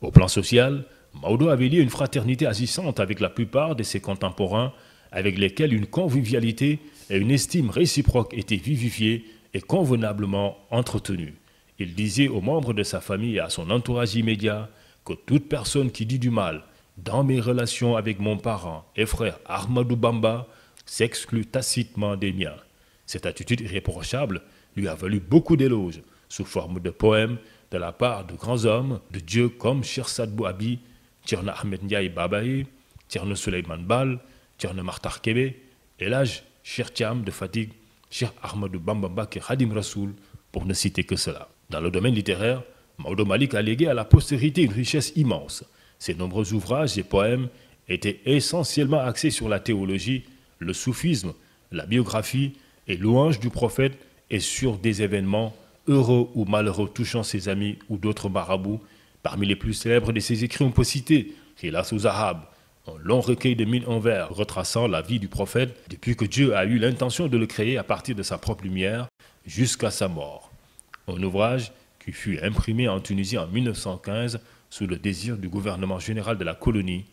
Au plan social, Maudo avait lié une fraternité agissante avec la plupart de ses contemporains, avec lesquels une convivialité et une estime réciproque étaient vivifiées et convenablement entretenues. Il disait aux membres de sa famille et à son entourage immédiat que toute personne qui dit du mal dans mes relations avec mon parent et frère Ahmadou Bamba s'exclut tacitement des miens. Cette attitude irréprochable lui a valu beaucoup d'éloges sous forme de poèmes de la part de grands hommes de Dieu comme Sadbou Bouabi, Tierna Ahmed Ndiaye Babaye, Tierna Suleiman Bal, Tierna Martar Kebe, Elage, Cher Tiam de Fatigue, Cher Ahmed Bambamba et Khadim Rasoul, pour ne citer que cela. Dans le domaine littéraire, Maudo Malik a légué à la postérité une richesse immense. Ses nombreux ouvrages et poèmes étaient essentiellement axés sur la théologie, le soufisme, la biographie et louange du prophète et sur des événements heureux ou malheureux touchant ses amis ou d'autres marabouts. Parmi les plus célèbres de ses écrits, on peut citer hélas aux Arabes, un long recueil de mille envers retraçant la vie du prophète depuis que Dieu a eu l'intention de le créer à partir de sa propre lumière jusqu'à sa mort. Un ouvrage qui fut imprimé en Tunisie en 1915 sous le désir du gouvernement général de la colonie.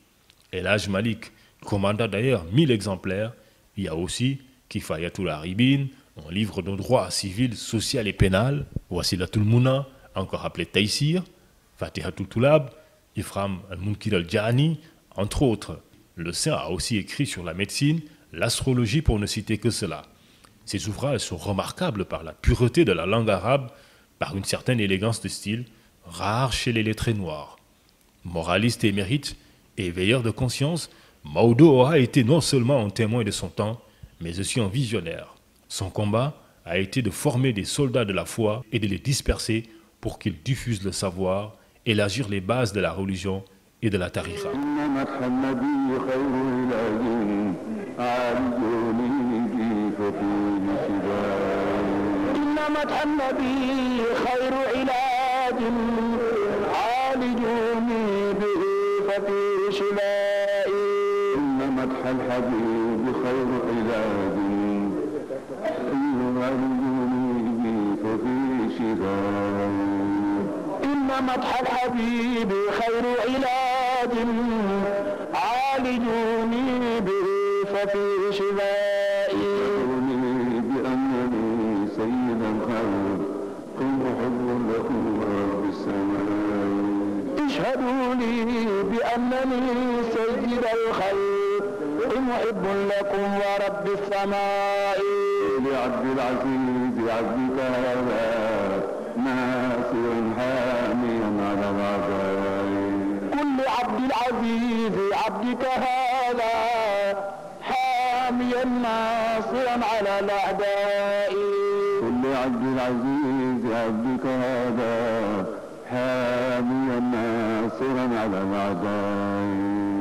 El' Malik commanda d'ailleurs mille exemplaires. Il y a aussi Kifayatul Ribine », un livre de droit civil, social et pénal, Ouassila Toulmouna, encore appelé Taïsir, Fatihatou Toulab, Ifram al-Munkir al entre autres. Le saint a aussi écrit sur la médecine, l'astrologie pour ne citer que cela. Ses ouvrages sont remarquables par la pureté de la langue arabe, par une certaine élégance de style, rare chez les lettrés noirs. Moraliste émérite et veilleur de conscience, Maudo aura été non seulement un témoin de son temps, mais aussi un visionnaire. Son combat a été de former des soldats de la foi et de les disperser pour qu'ils diffusent le savoir, élargir les bases de la religion et de la tariqa. إن مدح الحبيب خير علاج عالجوني به ففي شفائي بأنني سيدا خير حب لكم بالسماء اشهدوا لي بأنني سيد الخلق ومحب لكم ورب السماء لعبد العزيز عبدك هذا ناصر حاميا على العذاب قل لعبد العزيز عبدك هذا حاميا ناصرا على الاعداء قل لعبد العزيز عبدك هذا حاميا ناصرا على الاعداء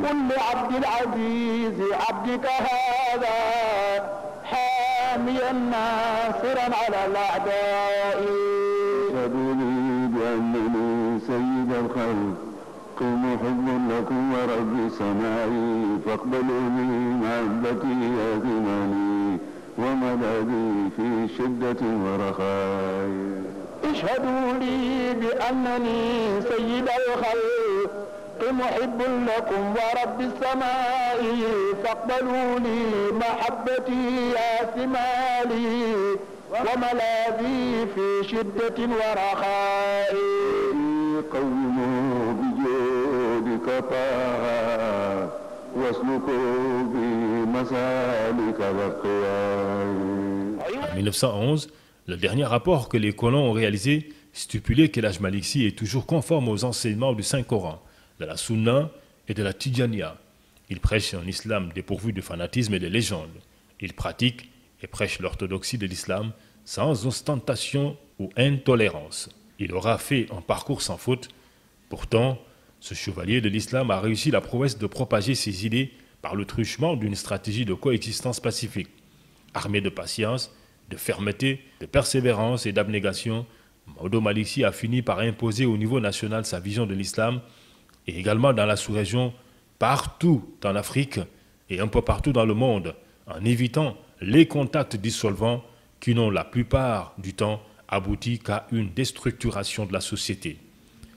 قل لعبد العزيز عبدك هذا لأكونين ناصرا على الأعداء لي بأنني سيد الخلق حبا لكم ورب فاقبلوا فاقبلوني محبتي يا زماني ومدادي في شدة ورخاء اشهدوا لي بأنني سيد الخلق En 1911, le dernier rapport que les colons ont réalisé stipulait que l'âge malixi est toujours conforme aux enseignements du Saint-Coran de la Sunna et de la Tidjania. Il prêche un islam dépourvu de fanatisme et de légende. Il pratique et prêche l'orthodoxie de l'islam sans ostentation ou intolérance. Il aura fait un parcours sans faute. Pourtant, ce chevalier de l'islam a réussi la prouesse de propager ses idées par le truchement d'une stratégie de coexistence pacifique. Armé de patience, de fermeté, de persévérance et d'abnégation, Maudo Malissi a fini par imposer au niveau national sa vision de l'islam et également dans la sous-région, partout en Afrique et un peu partout dans le monde, en évitant les contacts dissolvants qui n'ont la plupart du temps abouti qu'à une déstructuration de la société.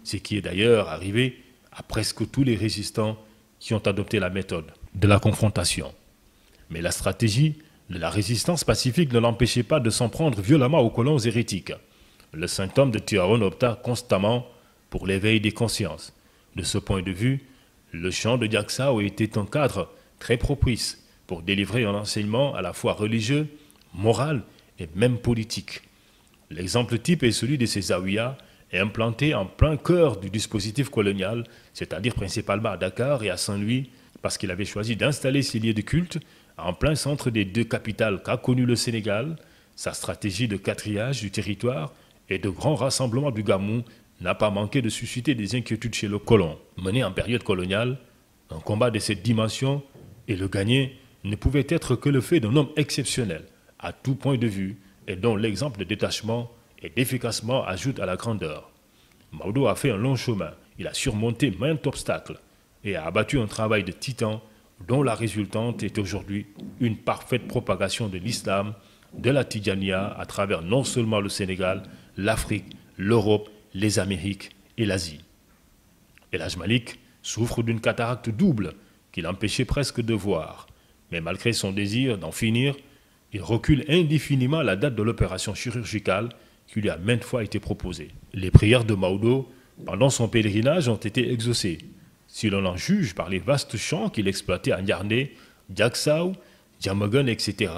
Ce qui est d'ailleurs arrivé à presque tous les résistants qui ont adopté la méthode de la confrontation. Mais la stratégie de la résistance pacifique ne l'empêchait pas de s'en prendre violemment aux colons hérétiques. Le symptôme de Tiaron opta constamment pour l'éveil des consciences, de ce point de vue, le champ de Diaksao était un cadre très propice pour délivrer un enseignement à la fois religieux, moral et même politique. L'exemple type est celui de ces implanté implanté en plein cœur du dispositif colonial, c'est-à-dire principalement à Dakar et à Saint-Louis, parce qu'il avait choisi d'installer ses lieux de culte en plein centre des deux capitales qu'a connu le Sénégal, sa stratégie de quatriage du territoire et de grands rassemblements du Gamou n'a pas manqué de susciter des inquiétudes chez le colon. Mené en période coloniale, un combat de cette dimension et le gagner ne pouvait être que le fait d'un homme exceptionnel à tout point de vue et dont l'exemple de détachement et d'efficacement ajoute à la grandeur. Maudo a fait un long chemin, il a surmonté maintes obstacles et a abattu un travail de titan dont la résultante est aujourd'hui une parfaite propagation de l'islam, de la Tidjania à travers non seulement le Sénégal, l'Afrique, l'Europe les Amériques et l'Asie. El Malik souffre d'une cataracte double qui l'empêchait presque de voir, mais malgré son désir d'en finir, il recule indéfiniment la date de l'opération chirurgicale qui lui a maintes fois été proposée. Les prières de Maudo pendant son pèlerinage ont été exaucées, si l'on en juge par les vastes champs qu'il exploitait à Nyarné, Diaksao, Djamogon, etc.,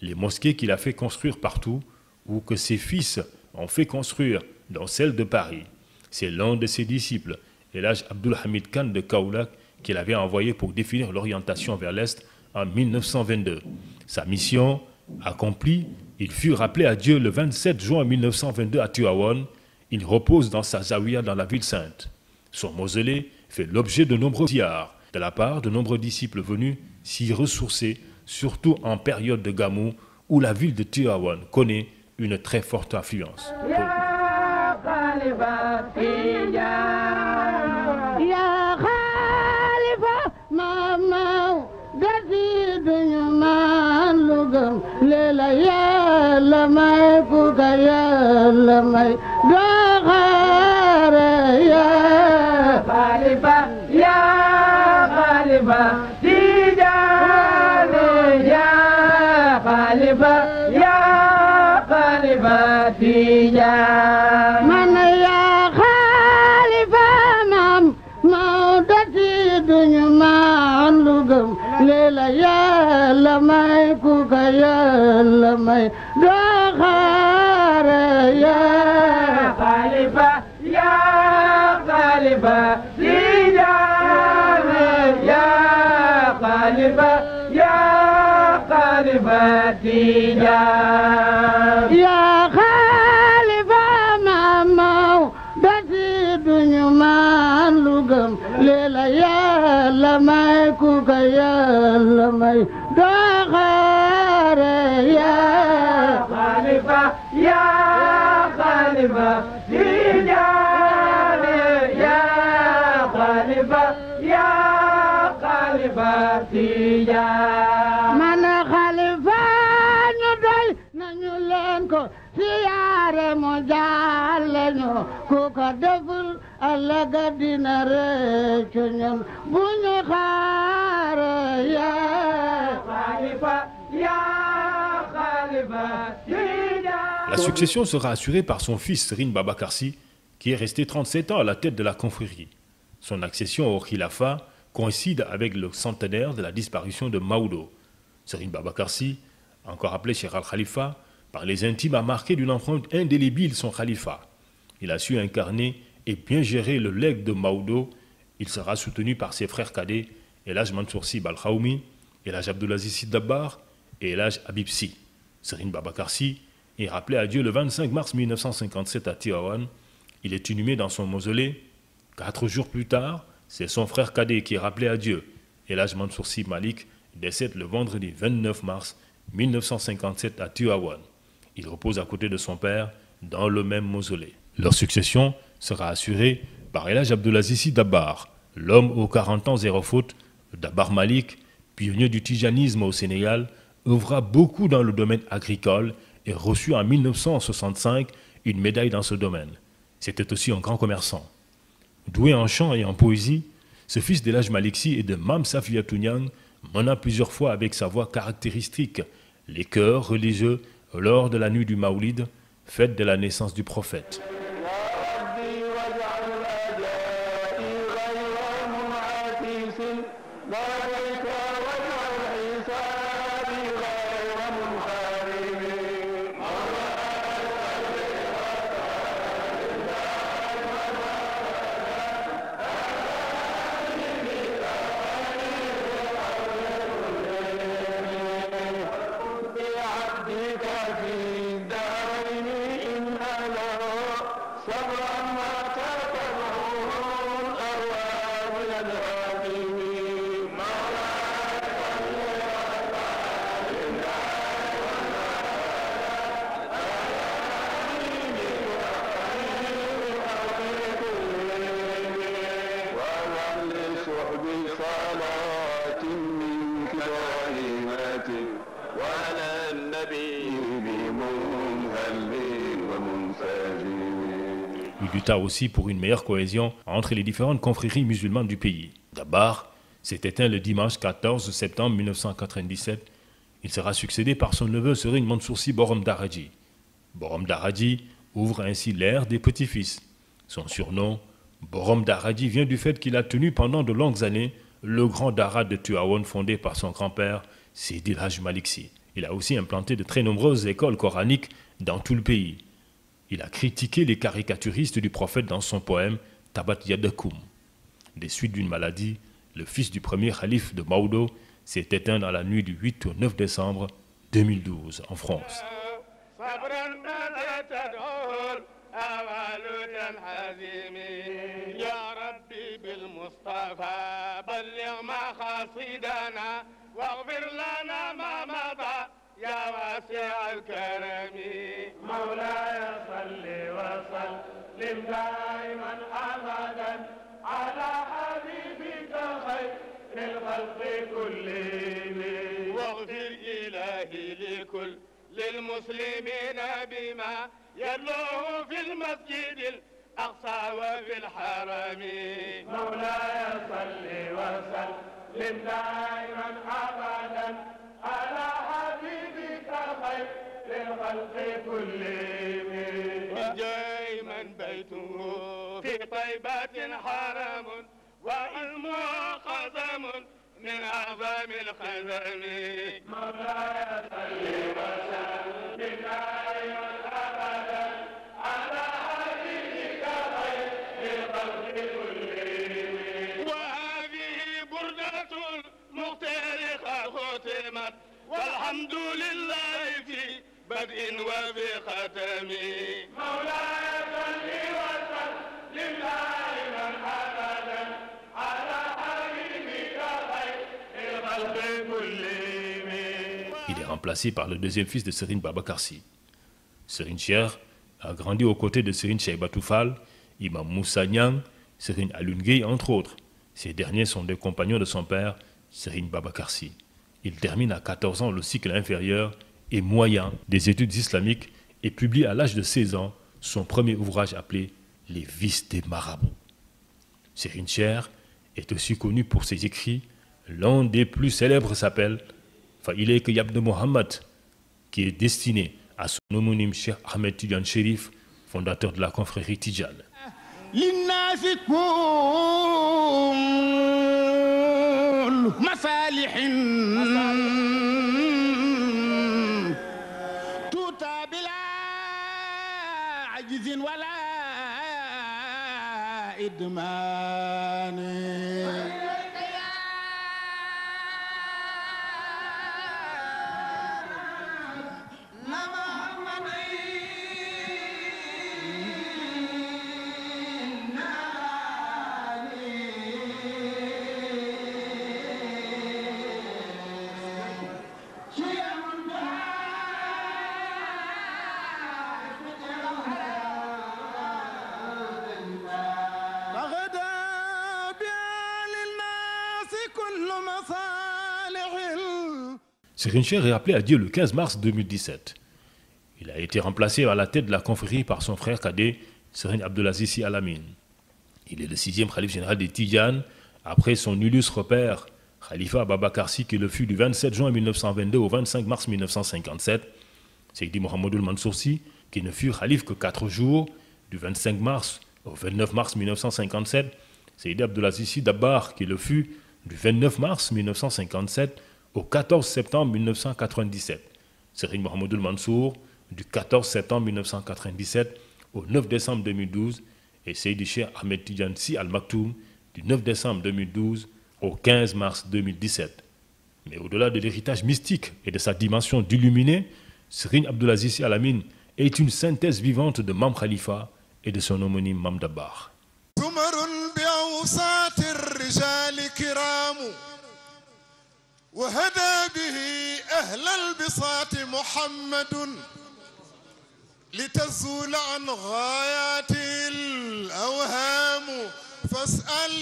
les mosquées qu'il a fait construire partout, ou que ses fils ont fait construire dont celle de Paris. C'est l'un de ses disciples, l'âge Abdul Hamid Khan de Kaulak, qu'il avait envoyé pour définir l'orientation vers l'Est en 1922. Sa mission accomplie, il fut rappelé à Dieu le 27 juin 1922 à Tuawan. Il repose dans sa zawiya dans la ville sainte. Son mausolée fait l'objet de nombreux diars de la part de nombreux disciples venus s'y ressourcer, surtout en période de Gamou où la ville de Tuawan connaît une très forte influence. خالف التجار يا خالف ماما قصيد يمان لقم ليلة يا لمي كوكا يا لمي دوغار يا خالف يا خالف خالف يا خالف ماما بسيد يمان لقم ليلة يا لميكوك يا لمي دخار يا خالفة يا خالف تجار يا يا La succession sera assurée par son fils Srin Babakarsi, qui est resté 37 ans à la tête de la confrérie. Son accession au khilafa coïncide avec le centenaire de la disparition de Maudo. Serine Babakarsi, encore appelé Cheikh Al Khalifa, par les intimes a marqué d'une empreinte indélébile son califat. Il a su incarner et bien gérer le legs de Maudo. Il sera soutenu par ses frères cadets, Elaj Mansoursi Balchaoumi, Elaj Abdulaziz Siddabar et Elaj Abibsi. Serine Babakarsi est rappelé à Dieu le 25 mars 1957 à Tiawan. Il est inhumé dans son mausolée. Quatre jours plus tard, c'est son frère cadet qui est rappelé à Dieu. Elaj Mansoursi Malik décède le vendredi 29 mars 1957 à Tiawan. Il repose à côté de son père dans le même mausolée. Leur succession sera assurée par Elhaj Abdelazizi Dabar, l'homme aux 40 ans zéro faute, Dabar Malik, pionnier du tijanisme au Sénégal, œuvra beaucoup dans le domaine agricole et reçut en 1965 une médaille dans ce domaine. C'était aussi un grand commerçant. Doué en chant et en poésie, ce fils d'Elhaj Maliksi et de Mam Safiatounian mena plusieurs fois avec sa voix caractéristique les chœurs religieux lors de la nuit du Maoulid, fête de la naissance du prophète. aussi pour une meilleure cohésion entre les différentes confréries musulmanes du pays. d'abord s'est éteint le dimanche 14 septembre 1997. Il sera succédé par son neveu Serigne Mansoursi Borom Daraji. Borom Daraji ouvre ainsi l'ère des petits-fils. Son surnom, Borom Daraji, vient du fait qu'il a tenu pendant de longues années le grand darad de Tuawon fondé par son grand-père, Sidi Haj Maliksi. Il a aussi implanté de très nombreuses écoles coraniques dans tout le pays. Il a critiqué les caricaturistes du prophète dans son poème Tabat Yadakoum. Des suites d'une maladie, le fils du premier calife de Maudo s'est éteint dans la nuit du 8 au 9 décembre 2012 en France. وسلم دائما أبدا على حبيبك خير للخلق كلهم واغفر إلهي لكل للمسلمين بما يدلوه في المسجد الأقصى وفي الحرم مولاي صل وسلم دائما أبدا على حبيبك خير للخلق كلهم رأيته في طيبات حرم وإسمه قزم من أعظم الخزم مولاي صل وسلم دائما أبدا على حبيبك خير الخلق كلهم وهذه بردة مخترقة ختمت والحمد لله في بدء وفي ختم مولاي Placé par le deuxième fils de Serine Babakarsi. Serine Cher a grandi aux côtés de Serine Toufal, Imam Moussanyang, Nyang, Serine entre autres. Ces derniers sont des compagnons de son père, Serine Babakarsi. Il termine à 14 ans le cycle inférieur et moyen des études islamiques et publie à l'âge de 16 ans son premier ouvrage appelé Les vices des marabouts. Serine Cher est aussi connu pour ses écrits. L'un des plus célèbres s'appelle il est que de Mohammed, qui est destiné à son homonyme Cheikh Ahmed Tidjan Sherif, fondateur de la confrérie Tidjan. Sirincher est appelé à Dieu le 15 mars 2017. Il a été remplacé à la tête de la confrérie par son frère cadet, Serin Abdelaziz Alamin. Il est le sixième calife général des Tidjanes, après son illustre père, Khalifa Ababakarsi, qui le fut du 27 juin 1922 au 25 mars 1957, Seydi Mohamedou Mansoursi, qui ne fut Khalif que quatre jours, du 25 mars au 29 mars 1957, Seydi Abdelaziz Dabar, qui le fut du 29 mars 1957 au 14 septembre 1997. Serine Mohamedou Mansour, du 14 septembre 1997 au 9 décembre 2012, et Seydi Ahmed Tidjansi Al-Maktoum, du 9 décembre 2012 au 15 mars 2017. Mais au-delà de l'héritage mystique et de sa dimension d'illuminé, Serine Abdulaziz Amin est une synthèse vivante de Mam Khalifa et de son homonyme Mam Dabar. وهدى به أهل البساط محمد لتزول عن غايات الأوهام فاسأل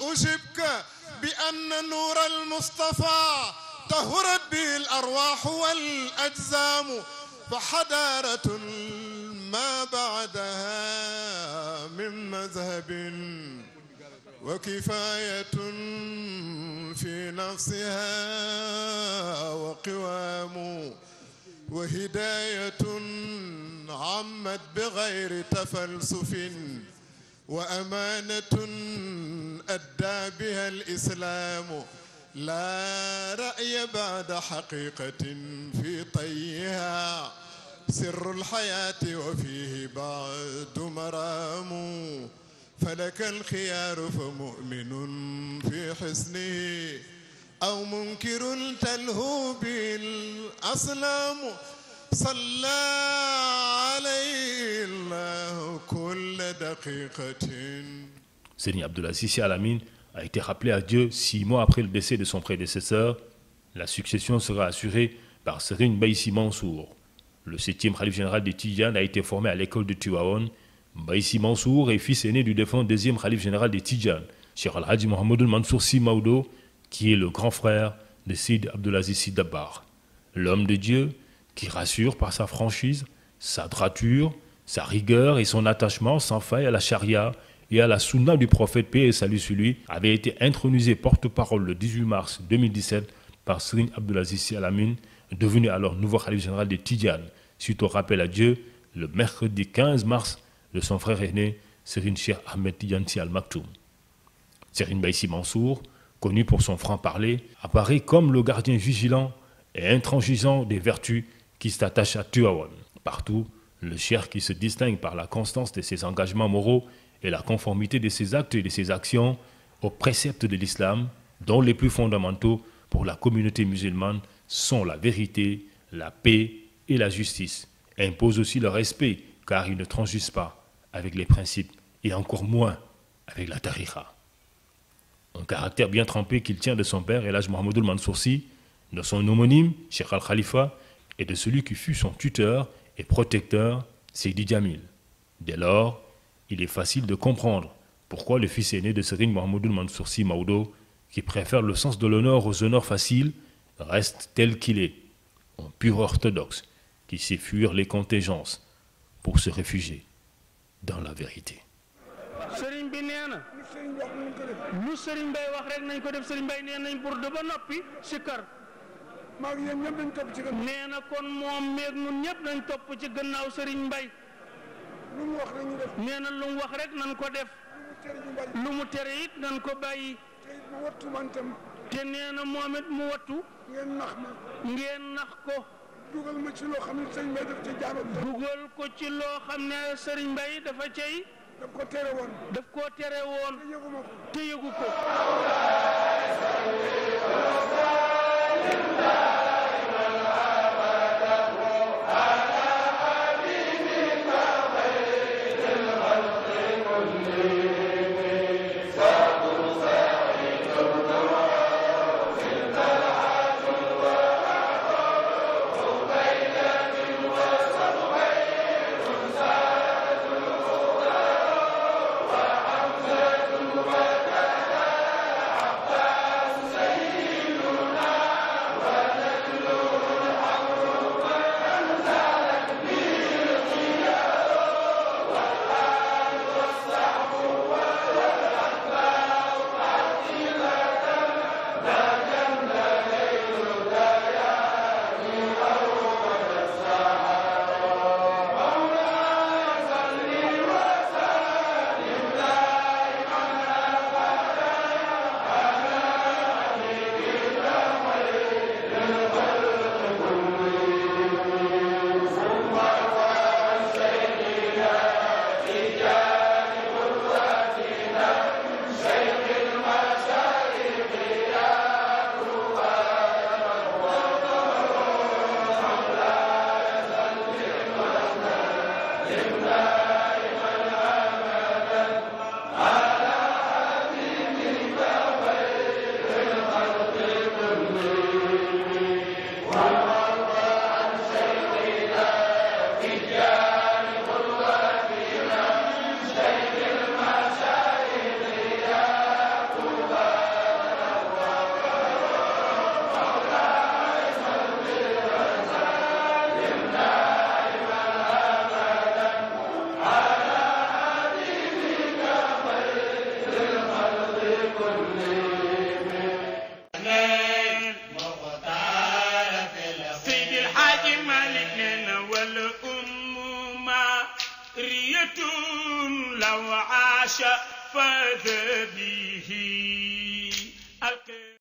أجبك بأن نور المصطفى طهرت به الأرواح والأجسام فحضارة ما بعدها من مذهب وكفاية نفسها وقوام وهداية عمت بغير تفلسف وأمانة أدى بها الإسلام لا رأي بعد حقيقة في طيها سر الحياة وفيه بعد مرام فلك الخيار فمؤمن في حسنه أو منكر تلهو به a été rappelé à Dieu six mois après le décès de son prédécesseur. La succession sera assurée par Serine Baïsi Mansour. Le septième Khalif général de Tidjane a été formé à l'école de Tuaon. Baïsi Mansour est fils aîné du défunt deuxième Khalif général de Tidjane. Cheikh al hadji Mohamed Mansour Simaoudo, qui est le grand frère de Sid Abdelaziz Dabar. l'homme de Dieu qui rassure par sa franchise, sa droiture, sa rigueur et son attachement sans faille à la charia et à la sunna du prophète paix et salut sur lui, avait été intronisé porte-parole le 18 mars 2017 par Srin Al-Amin, devenu alors nouveau Khalif général de Tidjan, suite au rappel à Dieu le mercredi 15 mars de son frère aîné, Sirin Cheikh Ahmed Tidjansi al-Maktoum. Sirin Baïsi Mansour, connu pour son franc-parler, apparaît comme le gardien vigilant et intransigeant des vertus qui s'attachent à Tuawan. Partout, le cher qui se distingue par la constance de ses engagements moraux et la conformité de ses actes et de ses actions aux préceptes de l'islam, dont les plus fondamentaux pour la communauté musulmane sont la vérité, la paix et la justice. Impose aussi le respect, car il ne transige pas avec les principes et encore moins avec la tariqa un caractère bien trempé qu'il tient de son père, Mohammed al Mansoursi, de son homonyme, Sheikh Al-Khalifa, et de celui qui fut son tuteur et protecteur, Sidi Djamil. Dès lors, il est facile de comprendre pourquoi le fils aîné de Serine Al Mansoursi Maudo, qui préfère le sens de l'honneur aux honneurs faciles, reste tel qu'il est, un pur orthodoxe qui sait fuir les contingences pour se réfugier dans la vérité. bi neena lu serigne bay wax rek nañ ko def serigne bay neena pour nopi ci kër ma mag yeen ñep dañ top ci gannaaw neena kon mom meek ñun ñepp dañ top ci gënaaw serigne bay lu mu wax rek ñu def neena lu mu wax rek nañ ko def lu mu téré it nañ ko bayyi té neena momit mu wattu ngeen nax ma ngeen nax ko dugal ma ci lo xamne serigne bay daf ci jaarut dugal ko ci lo xamne serigne bay dafa cey daf ko tere woon. daf koo tere woon. te yëgu ko.